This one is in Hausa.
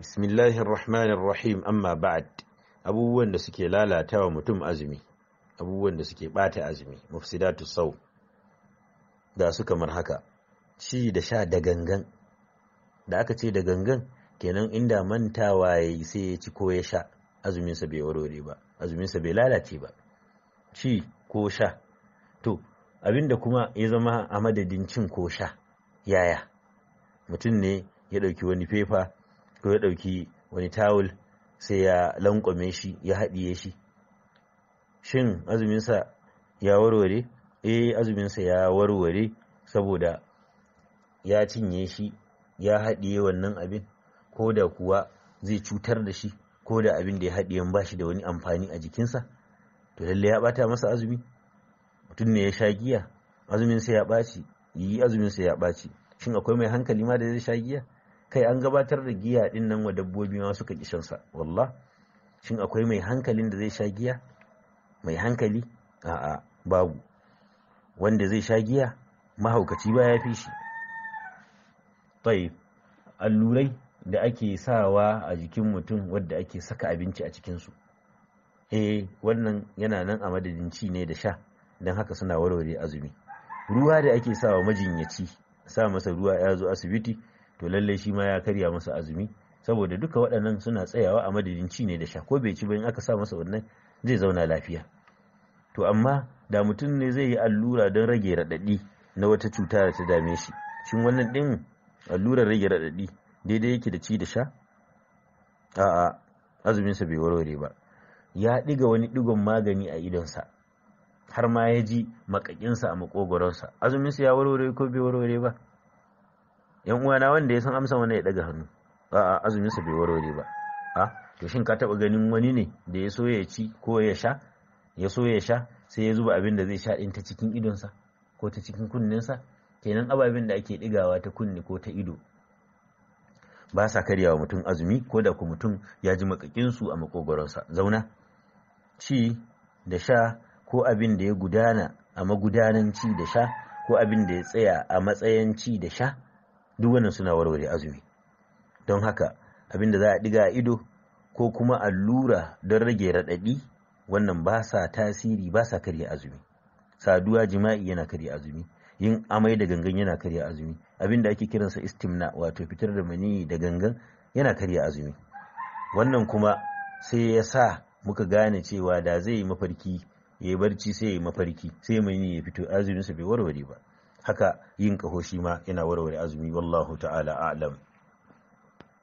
bismillahir rahmanir rahim amma ba'd abubuwan da suke lalata wa mutum azumi abubuwan da suke bata azumi mufsidatu sau da su kamar haka ci da sha da gangan da aka ce da gangan kenan inda mantawa yayi sai ya ci ko ya sha azumin sa bai warware ba azumin sa bai lalace ba ci ko sha to abinda kuma ya zama a madadin cin ko sha yaya mutum ne ya dauki wani fefa ko ya ɗauki wani tawul sai ya lankwame shi ya haɗiye shi shin azuminsa ya warware eh azuminsa ya warware saboda ya cinye shi ya haɗiye wannan abin ko da kuwa zai cutar da shi ko da abin da ya haɗiye ba shi da wani amfani a jikinsa to lalle ya ɓata masa azumi mutum ne ya sha giya azuminsa ya ɓaci yi azuminsa ya ɓaci shin akwai mai hankali ma da zai sha giya kai an gabatar da giya din nan wa dabbobi ma suka ki walla. wallah shin akwai mai hankalin da zai sha giya mai hankali a'a babu wanda zai sha giya mahaukaci ba ya fi shi tayi allurai da ake sawa a jikin mutum wadda ake saka abinci a cikin su eh wannan yana nan a madadin ci ne da sha dan haka suna warware azumi ruwa da ake sawa majinyaci sa masa ruwa ya zo asibiti to lallai shi ma ya karya masa azumi saboda duka waɗannan suna tsayawa a madadin ci ne da sha ko bai ci ba in aka sa masa wannan zai zauna lafiya to amma da mutum ne zai yi allura don rage raɗaɗi na wata cuta da ta dame shi shin wannan ɗin allurar rage raɗaɗi daidai yake da ci da sha a'a azuminsa bai warware ba ya ɗiga wani ɗigon magani a idonsa har ma ya ji makakinsa a makogoronsa azuminsa ya warware ko bai warware ba yan uwana wanda ya san amsa wani ya daga hannu a azumin sa bai warware ba a to shin ka taba ganin wani ne da ya so ya ci ko ya sha ya ya sha sai ya zuba abin da zai sha din ta cikin idonsa ko ta cikin sa kenan ababin da ake digawa ta kunni ko ta ido ba sa karyawa mutum azumi ko da ku mutum ya ji makakin su a sa zauna ci da sha ko abin da ya gudana a magudanan ci da sha ko abin da ya tsaya a matsayin ci da sha duk wannan suna warware azumi don haka abinda za a diga a ido ko kuma allura don rage raɗaɗi wannan ba sa tasiri ba sa karya azumi saduwa jima'i yana karya azumi yin amai da gangan yana karya azumi abinda ake kiransa istimna wato fitar da mani da gangan yana karya azumi wannan kuma sai ya sa muka gane cewa da zai yi mafarki ya yi barci sai ya yi mafarki sai mani ya fito azumin sa bai warware ba haka yin kaho shi ma yana warware azumi wallahu ta'ala a'lam